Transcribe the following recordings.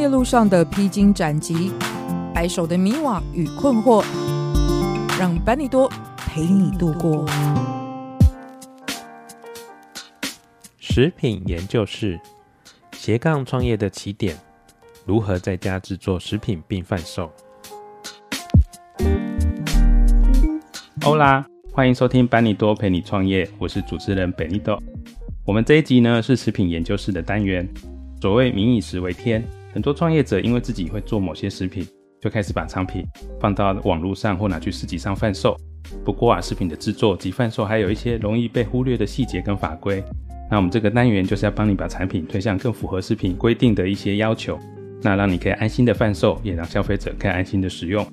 業路上的披荊斬棘，白首的迷惘與困惑，讓班尼多陪你度過。食品研究室斜槓創業的起點，如何在家製作食品並販售？歐啦，歡迎收聽班尼多陪你創業，我是主持人班尼多。我們這一集呢是食品研究室的單元，所謂民以食為天。很多創業者因為自己會做某些食品，就開始把產品放到網絡上或拿去市集上販售。不過啊，食品的製作及販售還有一些容易被忽略的細節跟法規。那我們這個單元就是要幫你把產品推向更符合食品規定的一些要求，那讓你可以安心的販售，也讓消費者可以安心的使用。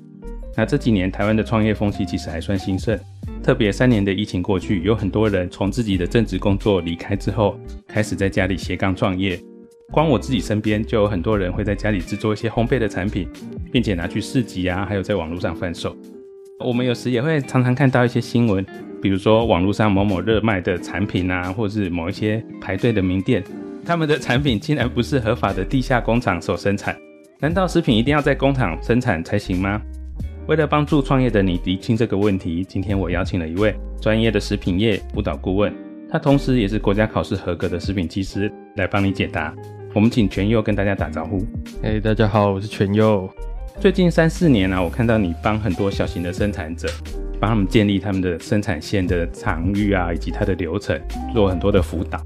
那這幾年台灣的創業風氣其實還算興盛，特別三年的疫情過去，有很多人從自己的正職工作離開之後，開始在家裡斜槓創業。光我自己身邊就有很多人會在家裡製作一些烘焙的產品，並且拿去市集啊，還有在網絡上販售。我們有時也會常常看到一些新聞，比如說網絡上某某熱賣的產品啊，或是某一些排隊的名店，他們的產品竟然不是合法的地下工廠所生產。難道食品一定要在工廠生產才行嗎？為了幫助創業的你理清這個問題，今天我邀請了一位專業的食品業輔導顧問，他同時也是國家考試合格的食品技師。來幫你解答，我們請詮祐跟大家打招呼。嘿、hey，大家好，我是詮祐。最近三四年啊，我看到你幫很多小型的生產者，幫他們建立他們的生產線的場域啊，以及它的流程，做很多的輔導。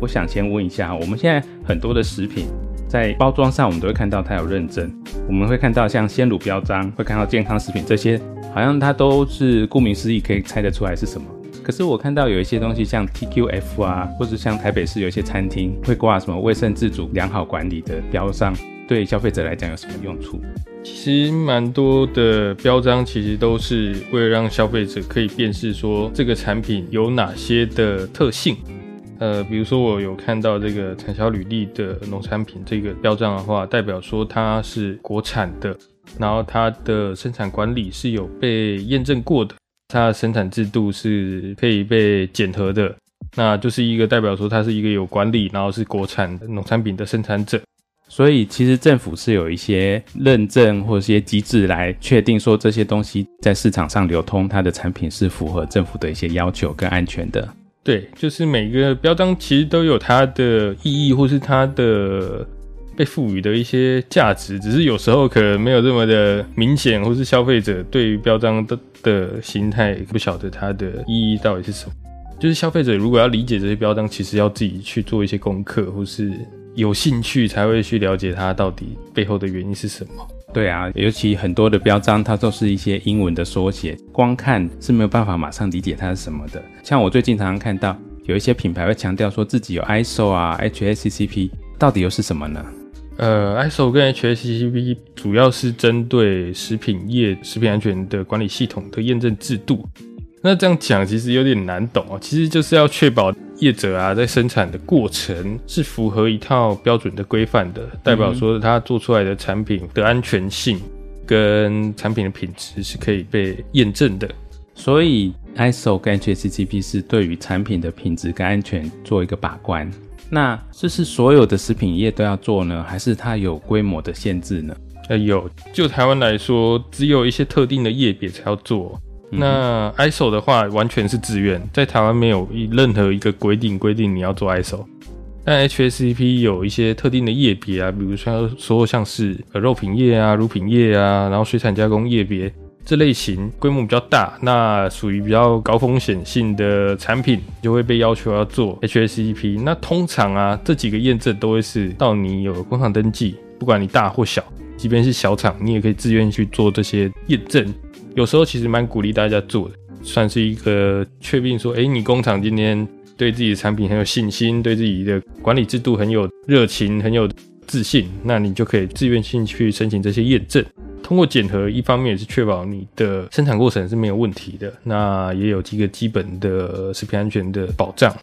我想先問一下，我們現在很多的食品在包裝上，我們都會看到它有認證，我們會看到像鮮乳標章，會看到健康食品這些，好像它都是顧名思義，可以猜得出來是什麼。可是我看到有一些東西，像 TQF 啊，或者像台北市有一些餐廳會掛什麼衛生自主良好管理的標章，對消費者來講有什麼用處？其實蠻多的標章，其實都是為了讓消費者可以辨識說這個產品有哪些的特性。呃，比如說我有看到這個產銷履歷的農產品這個標章的話，代表說它是國產的，然後它的生產管理是有被驗證過的。它的生產制度是可以被檢核的，那就是一個代表說它是一個有管理，然後是國產農產品的生產者。所以其實政府是有一些認證或一些機制來確定說這些東西在市場上流通，它的產品是符合政府的一些要求跟安全的。對，就是每個標章其實都有它的意義或是它的。被賦予的一些價值，只是有時候可能沒有這麼的明顯，或是消費者對於標章的的形態不曉得它的意義到底是什麼。就是消費者如果要理解這些標章，其實要自己去做一些功課，或是有興趣才會去了解它到底背後的原因是什麼。對啊，尤其很多的標章它都是一些英文的縮寫，光看是沒有辦法馬上理解它是什麼的。像我最近常常看到有一些品牌會強調說自己有 ISO 啊、HACCP 到底又是什麼呢？呃，ISO 跟 HACCP 主要是針對食品業食品安全的管理系統的驗證制度。那這樣講其實有點難懂哦，其實就是要確保業者啊在生產的過程是符合一套標準的規範的，代表說它做出來的產品的安全性跟產品的品質是可以被驗證的。嗯。所以，ISO 跟 HACCP 是對於產品的品質跟安全做一個把關。那這是所有的食品業都要做呢？還是它有規模的限制呢？呃，有。就台灣來說，只有一些特定的業別才要做。那 ISO 的話，完全是自願，在台灣沒有任何一個規定規定你要做 ISO。但 HACCP 有一些特定的業別啊，比如說說像是呃肉品業啊、乳品業啊，然後水產加工業別。這類型規模比較大，那屬於比較高風險性的產品，就會被要求要做 HACCP。那通常啊，這幾個驗證都會是到你有工廠登記，不管你大或小，即便是小廠，你也可以自願去做這些驗證。有時候其實蠻鼓勵大家做的，算是一個確定說，誒，你工廠今天對自己的產品很有信心，對自己的管理制度很有熱情、很有自信，那你就可以自願性去申請這些驗證。通過檢核，一方面也是確保你的生產過程是沒有問題的，那也有幾個基本的食品安全的保障。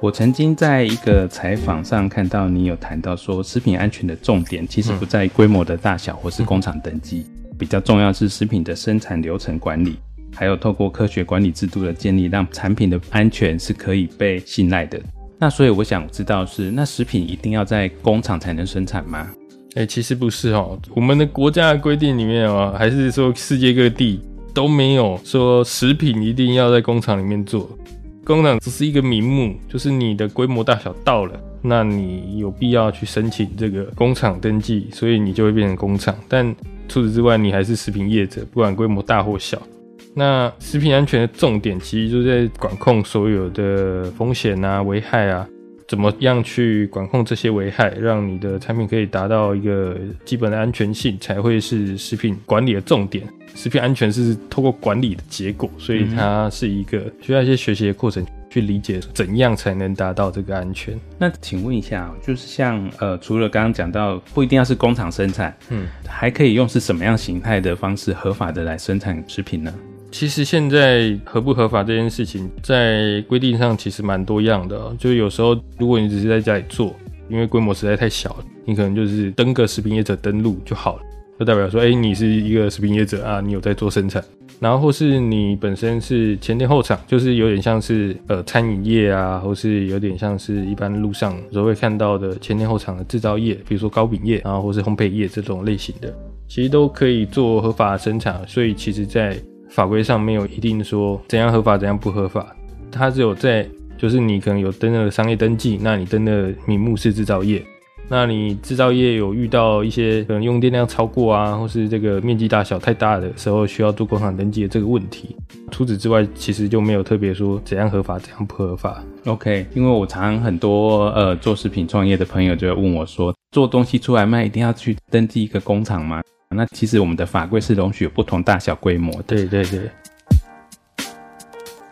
我曾經在一個採訪上看到你有談到說，食品安全的重點其實不在規模的大小或是工廠等級，比較重要是食品的生產流程管理，還有透過科學管理制度的建立，讓產品的安全是可以被信賴的。那所以我想知道是，那食品一定要在工廠才能生產嗎？哎、欸，其實不是哈、哦，我們的國家規定裡面啊，還是說世界各地都沒有說食品一定要在工廠裡面做，工廠只是一個名目，就是你的規模大小到了，那你有必要去申請這個工廠登記，所以你就會變成工廠。但除此之外，你還是食品業者，不管規模大或小，那食品安全的重點其實就是在管控所有的風險啊、危害啊。怎麼樣去管控這些危害，讓你的產品可以達到一個基本的安全性，才會是食品管理的重點。食品安全是透過管理的結果，所以它是一個需要一些學習的過程去理解怎樣才能達到這個安全。嗯。那請問一下，就是像呃，除了剛剛講到不一定要是工廠生產，嗯，還可以用是什麼樣形態的方式合法的來生產食品呢？其實現在合不合法這件事情，在規定上其實蠻多樣的。就是有時候如果你只是在家裡做，因為規模實在太小，你可能就是登個食品業者登錄就好了，就代表說，哎、欸，你是一個食品業者啊，你有在做生產。然後或是你本身是前店後廠，就是有點像是呃餐飲業啊，或是有點像是一般路上都會看到的前店後廠的製造業，比如說糕餅業啊，然後或是烘焙業這種類型的，其實都可以做合法的生產。所以其實，在法規上沒有一定說怎樣合法怎樣不合法，它只有在就是你可能有登的商業登記，那你登的名目是製造業，那你製造業有遇到一些可能用電量超過啊，或是這個面積大小太大的時候，需要做工廠登記的這個問題。除此之外，其實就沒有特別說怎樣合法怎樣不合法。OK，因為我常很多呃做食品創業的朋友就會問我說，做東西出來賣一定要去登記一個工廠嗎？那其實我們的法規是容許有不同大小規模。對對對。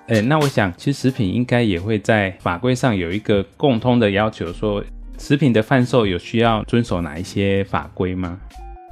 哎、欸，那我想，其實食品應該也會在法規上有一個共通的要求，說食品的販售有需要遵守哪一些法規嗎？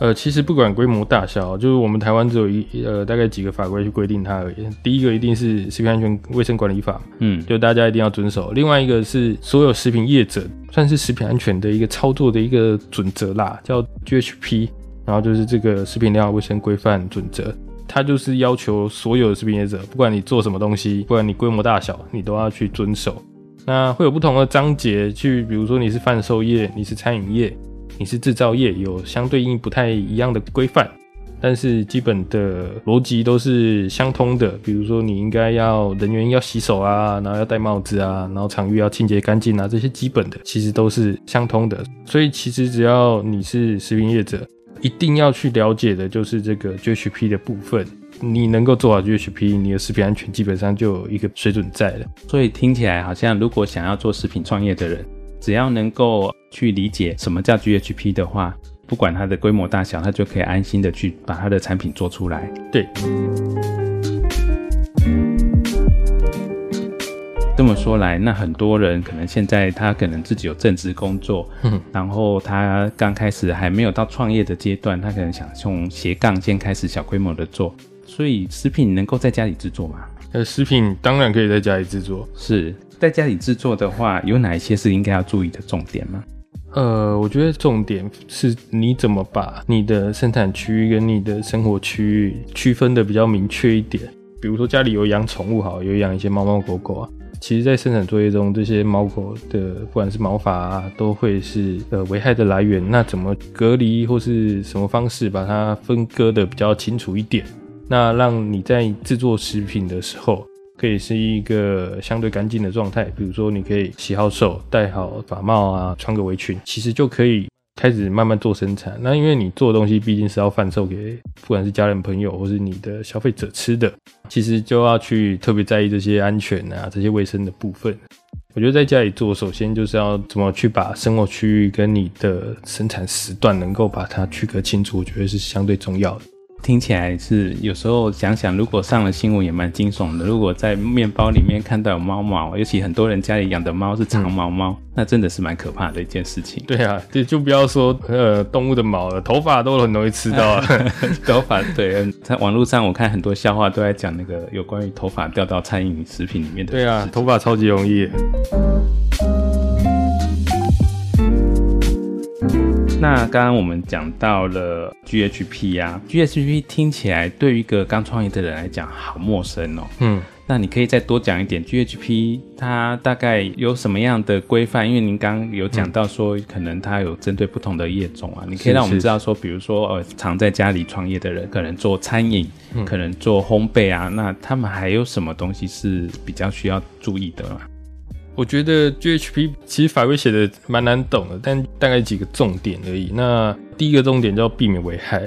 呃，其實不管規模大小，就是我們台灣只有一呃大概幾個法規去規定它而已。第一個一定是食品安全衛生管理法，嗯，就大家一定要遵守。另外一個是所有食品業者算是食品安全的一個操作的一個準則啦，叫 GHP。然後就是這個食品良好衛生規範準則，它就是要求所有的食品業者，不管你做什麼東西，不管你規模大小，你都要去遵守。那會有不同的章節去，比如說你是販售業，你是餐飲業，你是製造業，有相對應不太一樣的規範，但是基本的邏輯都是相通的。比如說你應該要人員要洗手啊，然後要戴帽子啊，然後場域要清潔乾淨啊，這些基本的其實都是相通的。所以其實只要你是食品業者。一定要去了解的就是這個 GHP 的部分，你能夠做好 GHP，你的食品安全基本上就有一個水準在了。所以聽起來好像，如果想要做食品創業的人，只要能夠去理解什麼叫 GHP 的話，不管它的規模大小，他就可以安心的去把他的產品做出來。對。這麼說來，那很多人可能現在他可能自己有正職工作，然後他剛開始還沒有到創業的階段，他可能想從斜槓先開始小規模的做。所以食品能夠在家裡製作嗎？呃，食品當然可以在家裡製作。是，在家裡製作的話，有哪一些是應該要注意的重點嗎？呃，我覺得重點是你怎麼把你的生產區域跟你的生活區域區分得比較明確一點。比如說家裡有養寵物好，好有養一些貓貓狗狗啊。其實，在生產作業中，這些貓狗的不管是毛髮啊，都會是呃危害的來源。那怎麼隔離或是什麼方式，把它分割的比較清楚一點，那讓你在製作食品的時候，可以是一個相對乾淨的狀態。比如說，你可以洗好手，戴好髮帽啊，穿個圍裙，其實就可以。開始慢慢做生產，那因為你做的東西畢竟是要販售給不管是家人朋友或是你的消費者吃的，其實就要去特別在意這些安全啊、這些衛生的部分。我覺得在家裡做，首先就是要怎麼去把生活區域跟你的生產時段能夠把它區隔清楚，我覺得是相對重要的。聽起來是有時候想想，如果上了新聞也蠻驚悚的。如果在面包裡面看到有貓毛，尤其很多人家裡養的貓是長毛貓，那真的是蠻可怕的一件事情。對啊，對，就不要說呃動物的毛了，頭髮都很容易吃到啊， 頭髮對。在網絡上我看很多笑話都在講那個有關於頭髮掉到餐飲食品裡面的。對啊，頭髮超級容易。那剛剛我們講到了 G H P 啊，G H P 聽起來對於一個剛創業的人來講好陌生哦。嗯，那你可以再多講一點，G H P 它大概有什麼樣的規範？因為您剛剛有講到說，可能它有針對不同的業種啊，嗯、你可以讓我們知道說，是是是比如說呃，常在家裡創業的人，可能做餐飲、嗯，可能做烘焙啊，那他們還有什麼東西是比較需要注意的、啊？我覺得 GHP 其實法規寫得蠻難懂的，但大概幾個重點而已。那第一個重點叫避免危害，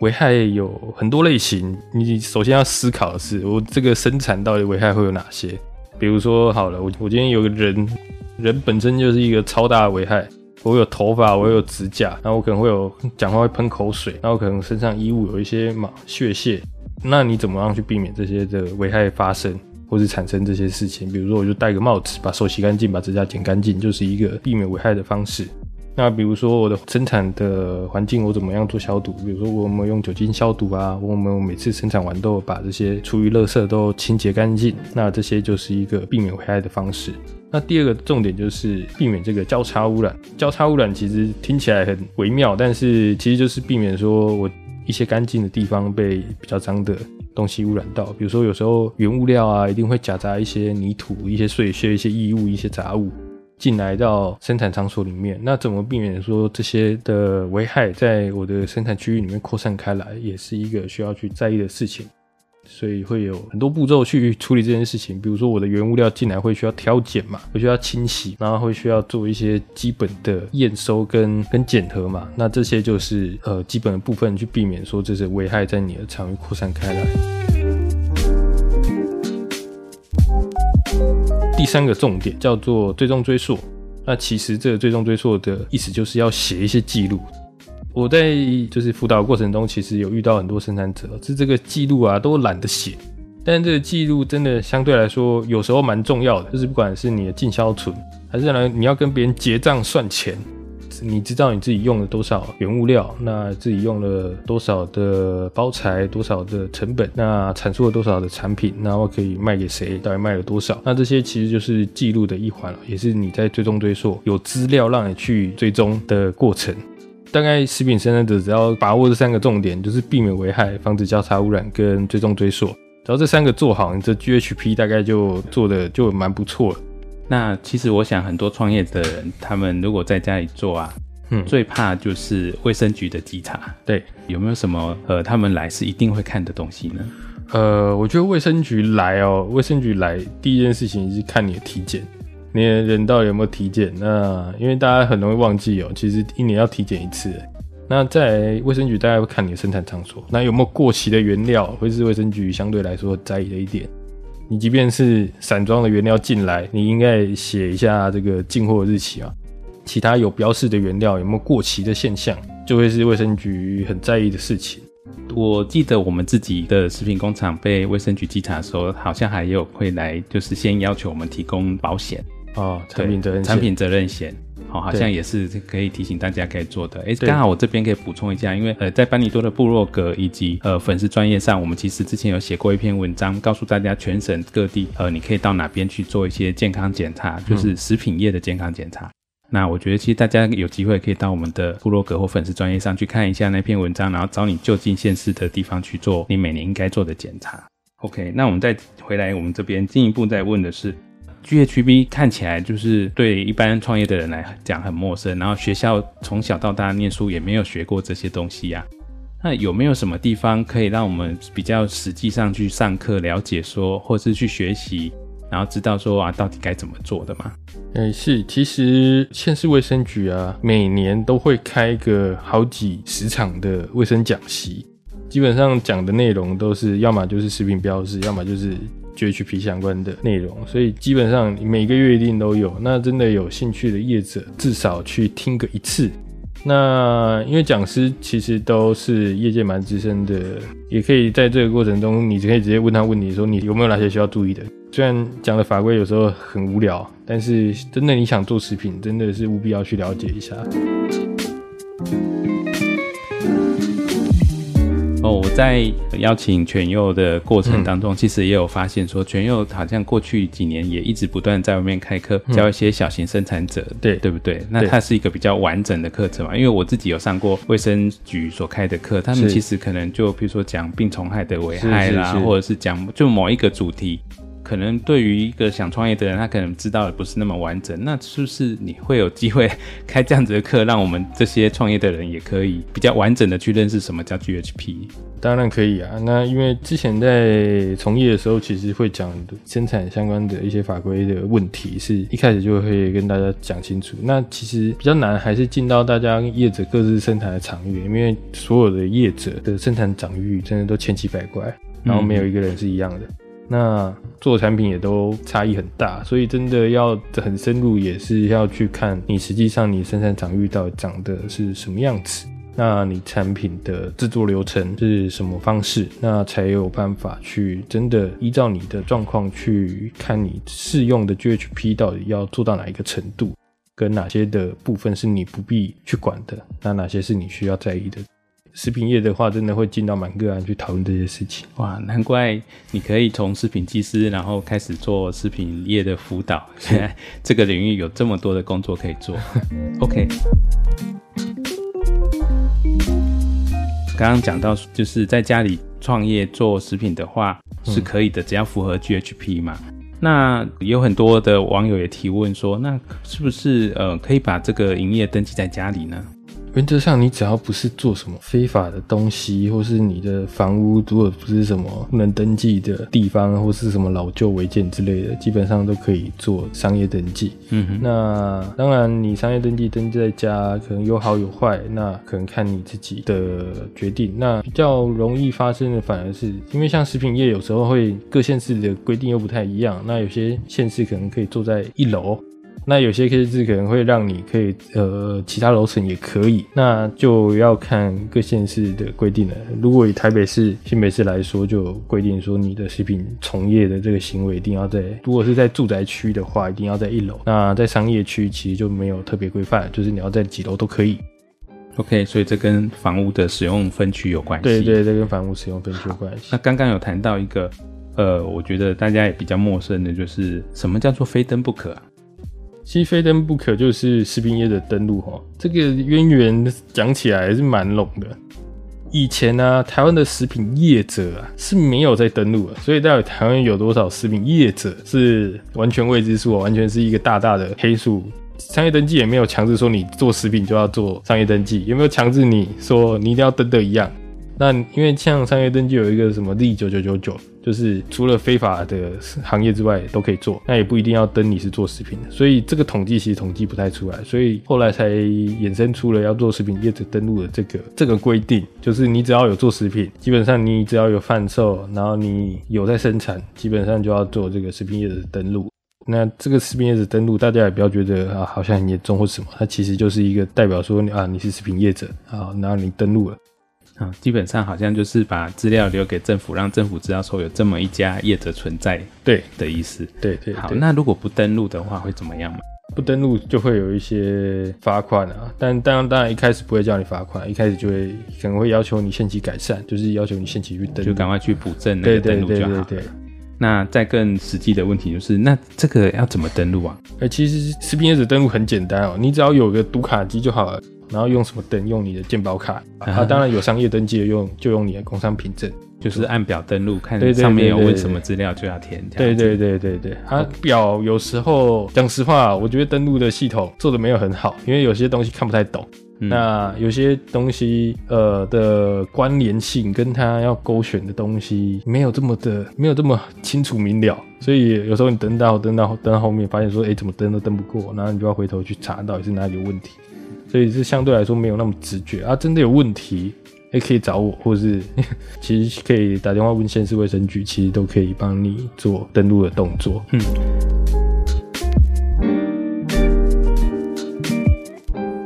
危害有很多類型。你首先要思考的是，我這個生產到底危害會有哪些？比如說，好了，我我今天有個人，人本身就是一個超大的危害。我有頭髮，我有指甲，然後我可能會有講話會噴口水，然後可能身上衣物有一些嘛，毛屑。那你怎麼樣去避免這些的危害發生？或是產生這些事情，比如說我就戴個帽子，把手洗乾淨，把指甲剪乾淨，就是一個避免危害的方式。那比如說我的生產的環境，我怎麼樣做消毒？比如說我們用酒精消毒啊，我們每次生產完都把這些廚餘垃圾都清潔乾淨。那這些就是一個避免危害的方式。那第二個重點就是避免這個交叉污染。交叉污染其實聽起來很微妙，但是其實就是避免說我一些乾淨的地方被比較髒的。東西污染到，比如說有時候原物料啊，一定會夾雜一些泥土、一些碎屑、一些異物、一些雜物進來到生產場所裡面。那怎麼避免說這些的危害在我的生產區域裡面擴散開來，也是一個需要去在意的事情。所以會有很多步驟去處理這件事情，比如說我的原物料進來會需要挑揀嘛，會需要清洗，然後會需要做一些基本的驗收跟跟檢核嘛，那這些就是呃基本的部分，去避免說這些危害在你的場域擴散開來。嗯、第三個重點叫做追蹤追溯，那其實這個追蹤追溯的意思就是要寫一些記錄。我在就是輔導過程中，其實有遇到很多生產者是這個記錄啊，都懶得寫。但這個記錄真的相對來說，有時候蠻重要的。就是不管是你的進銷存，還是來你要跟別人結賬算錢，你知道你自己用了多少原物料，那自己用了多少的包材，多少的成本，那產出了多少的產品，然後可以賣給誰，到底賣了多少。那這些其實就是記錄的一環，也是你在追蹤追溯，有資料讓你去追蹤的過程。大概食品生產者只要把握這三個重點，就是避免危害、防止交叉污染、跟追蹤追溯，只要這三個做好，你這 GHP 大概就做的就蠻不錯了。那其實我想很多創業的人，他們如果在家裡做啊，嗯，最怕就是衛生局的稽查。對，有沒有什麼呃，他們來是一定會看的東西呢？呃，我覺得衛生局來哦、喔，衛生局來第一件事情就是看你的體檢。你人到底有沒有體檢？那因為大家很容易忘記哦。其實一年要體檢一次。那在衛生局，大家會看你的生產場所，那有沒有過期的原料？會是衛生局相對來說在意的一點。你即便是散裝的原料進來，你應該寫一下這個進貨日期啊。其他有標示的原料有沒有過期的現象，就會是衛生局很在意的事情。我記得我們自己的食品工廠被衛生局稽查的時候，好像還有會來，就是先要求我們提供保險。哦，產品責任產品責任險，好，好像也是可以提醒大家該做的。哎，剛、欸、好我這邊可以補充一下，因為呃，在班尼多的部落格以及呃粉絲專頁上，我們其實之前有寫過一篇文章，告訴大家全省各地呃，你可以到哪邊去做一些健康檢查，就是食品業的健康檢查、嗯。那我覺得其實大家有機會可以到我們的部落格或粉絲專頁上去看一下那篇文章，然後找你就近縣市的地方去做你每年應該做的檢查。OK，那我們再回來我們這邊進一步再問的是。GHB 看起來就是對一般創業的人來講很陌生，然後學校從小到大念書也沒有學過這些東西呀、啊。那有沒有什麼地方可以讓我們比較實際上去上課了解說，或是去學習，然後知道說啊到底該怎麼做的嗎？哎，是，其實縣市衛生局啊，每年都會開個好幾十場的衛生講習，基本上講的內容都是要麼就是食品標示，要麼就是。GHP 相關的內容，所以基本上每個月一定都有。那真的有興趣的業者，至少去聽個一次。那因為講師其實都是業界蠻資深的，也可以在這個過程中，你可以直接問他問題，說你有沒有哪些需要注意的。雖然講的法規有時候很無聊，但是真的你想做食品，真的是務必要去了解一下。哦，我在邀請詮祐的過程當中、嗯，其實也有發現說，詮祐好像過去幾年也一直不斷在外面開課、嗯，教一些小型生產者，嗯、對對不對？那他是一個比較完整的課程嘛，因為我自己有上過衛生局所開的課，他們其實可能就比如說講病蟲害的危害啦，或者是講就某一個主題。可能對於一個想創業的人，他可能知道的不是那麼完整。那是不是你會有機會開這樣子的課，讓我們這些創業的人也可以比較完整的去認識什麼叫 GHP？當然可以啊。那因為之前在從業的時候，其實會講生產相關的一些法規的問題，是一開始就會跟大家講清楚。那其實比較難，還是進到大家業者各自生產的場域，因為所有的業者的生產場域真的都千奇百怪，然後沒有一個人是一樣的。嗯那做產品也都差異很大，所以真的要很深入，也是要去看你實際上你生產場域到底長的是什麼樣子，那你產品的製作流程是什麼方式，那才有辦法去真的依照你的狀況去看你適用的 GHP 到底要做到哪一個程度，跟哪些的部分是你不必去管的，那哪些是你需要在意的。食品業的話，真的會進到蠻多人去討論這些事情。哇，難怪你可以從食品技師，然後開始做食品業的輔導，現在這個領域有這麼多的工作可以做。 OK，剛剛講到就是在家裡創業做食品的話是可以的、嗯，只要符合 GHP 嘛。那有很多的網友也提問說，那是不是呃可以把這個營業登記在家裡呢？原則上，你只要不是做什麼非法的東西，或是你的房屋如果不是什麼不能登記的地方，或是什麼老舊違建之類的，基本上都可以做商業登記。嗯哼。那當然，你商業登記登記在家，可能有好有壞，那可能看你自己的決定。那比較容易發生的，反而是因為像食品業，有時候會各縣市的規定又不太一樣，那有些縣市可能可以坐在一樓。那有些 case 可能會讓你可以，呃，其他樓層也可以，那就要看各縣市的規定了。如果以台北市、新北市來說，就規定說你的食品從業的這個行為一定要在，如果是在住宅區的話，一定要在一樓。那在商業區其實就沒有特別規範，就是你要在幾樓都可以。OK，所以這跟房屋的使用分區有關係。對，對對，這跟房屋使用分區有關係。那剛剛有談到一個，呃，我覺得大家也比較陌生的，就是什麼叫做非登不可。啊？其實非登不可就是食品業的登錄哈，這個淵源講起來還是蠻籠的。以前呢、啊，台灣的食品業者啊是沒有在登錄的，所以到底台灣有多少食品業者是完全未知數，啊，完全是一個大大的黑數。商業登記也沒有強制說你做食品就要做商業登記，有沒有強制你說你一定要登的一樣？那因為像商業登記有一個什麼 Z 九九九九，就是除了非法的行業之外都可以做，那也不一定要登你是做食品的，所以這個統計其實統計不太出來，所以後來才衍生出了要做食品業者登錄的這個這個規定，就是你只要有做食品，基本上你只要有販售，然後你有在生產，基本上就要做這個食品業者登錄。那這個食品業者登錄，大家也不要覺得啊好像很嚴重或什麼，它其實就是一個代表說你啊你是食品業者啊，然後你登錄了。嗯，基本上好像就是把資料留給政府，讓政府知道說有這麼一家業者存在，對的意思。對對、對。好，那如果不登錄的話會怎麼樣嘛？不登錄就會有一些罰款啊，但但當然一開始不會叫你罰款，一開始就會可能會要求你限期改善，就是要求你限期去登，就趕快去補正那個登錄就好。對對對對對、對。那再更實際的問題就是，那這個要怎麼登錄啊？呃、欸，其實食品業者登錄很簡單哦、喔，你只要有個讀卡機就好了。然後用什麼登？用你的健保卡啊。啊，當然有商業登記的用，就用你的工商憑證就。就是按表登錄，看對對對對對，上面有問什麼資料就要填。對對對對對。它，啊、表有時候講實話，我覺得登錄的系統做的沒有很好，因為有些東西看不太懂。嗯、那有些東西呃的關聯性跟它要勾選的東西沒有這麼的沒有這麼清楚明了，所以有時候你登到登到登到後面，發現說哎、欸、怎麼登都登不過，然後你就要回頭去查到底是哪裡有問題。所以是相對來說沒有那麼直覺啊，真的有問題，也、欸、可以找我，或是其實可以打電話問縣市衛生局，其實都可以幫你做登錄的動作。嗯，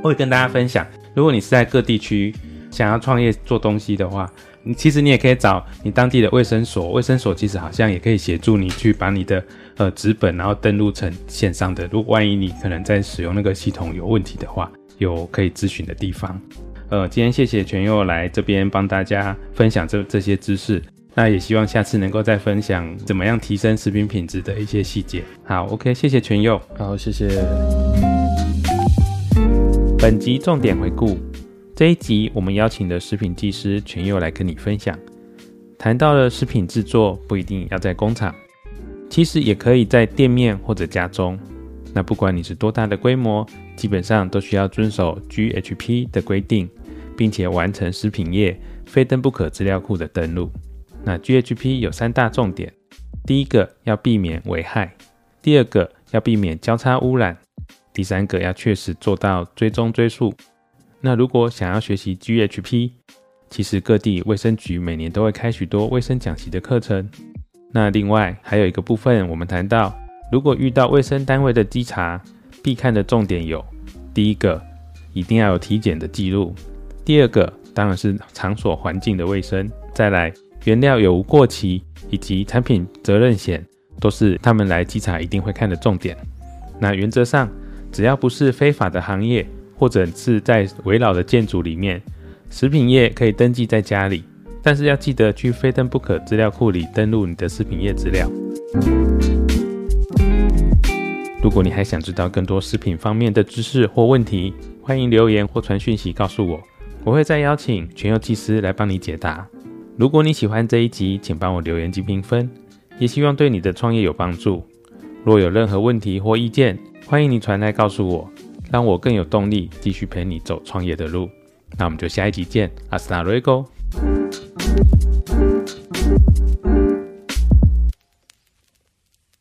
我也跟大家分享，如果你是在各地區想要創業做東西的話，你其實你也可以找你當地的衛生所，衛生所其實好像也可以協助你去把你的呃紙本然後登錄成線上的。如果萬一你可能在使用那個系統有問題的話，有可以諮詢的地方，呃，今天謝謝詮祐來這邊幫大家分享這這些知識，那也希望下次能夠再分享怎麼樣提升食品品質的一些細節。好，OK，謝謝詮祐，好，謝謝。本集重點回顧，這一集我們邀請的食品技師詮祐來跟你分享，談到了食品制作不一定要在工廠，其實也可以在店面或者家中，那不管你是多大的規模。基本上都需要遵守 GHP 的規定，並且完成食品業非登不可資料庫的登錄。那 GHP 有三大重點：第一個要避免危害；第二個要避免交叉污染；第三個要確實做到追蹤追溯。那如果想要學習 GHP，其實各地衛生局每年都會開許多衛生講習的課程。那另外還有一個部分，我們談到如果遇到衛生單位的稽查，必看的重點有：第一個，一定要有體檢的記錄；第二個，當然是場所環境的衛生；再來，原料有無過期，以及產品責任險，都是他們來稽查一定會看的重點。那原則上，只要不是非法的行業，或者是在危老的建築裡面，食品業可以登記在家裡，但是要記得去非登不可資料庫裡登錄你的食品業資料。如果你還想知道更多食品方面的知識或問題，歡迎留言或傳訊息告訴我，我會再邀請詮祐技師來幫你解答。如果你喜歡這一集，請幫我留言及評分，也希望對你的創業有幫助。若有任何問題或意見，歡迎你傳來告訴我，讓我更有動力繼續陪你走創業的路。那我們就下一集見，hasta luego